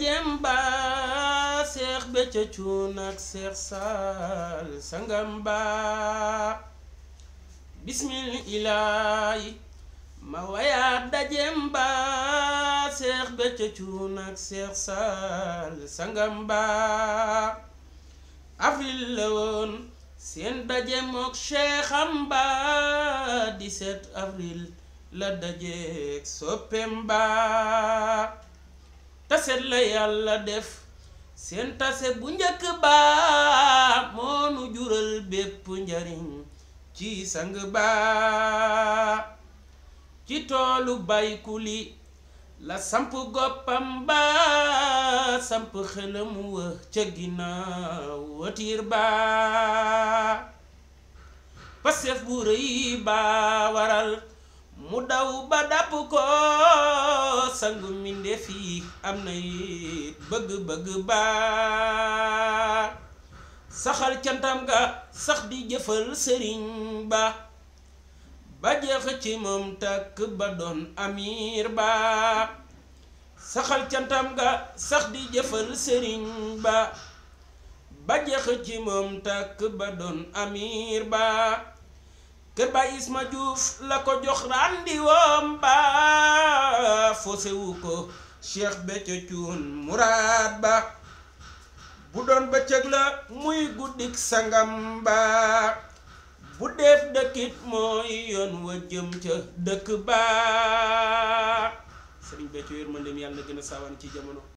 jemba seex becca cuun ak saal sangam avril la woon seen daje mook seexam ba avril la dajeek soppeem ba taset la yàlla def seen tase bu njëkk ba moonu jural bépp njariñ ci sang ba ci toolu baykuli la samp goppam ba samp xelam wa ca ginnaaw watiir ba pasef bu rëy ba waral mu daw ba dàpp ko sangu mbindéef yi am na it bëgg-bëgg ba saxal cantam ga sax di jëfal sëriñ ba ba jeex ci moom takk ba doon amir ba saxal cantam ga sax di jëfal sëriñ ba ba jeex ci moom takk ba doon amir ba kër Baay Isma Diouf la ko jox ràndi ba fosewu ko Cheikh Béthio Thioune Mourad Ba bu doon bëccëg la muy guddik sangam ba bu def dëkkit mooy yoon wa jëm ca dëkk ba Sëriñ Béthio yërmandeem yàlla na gën a saawaan ci jamono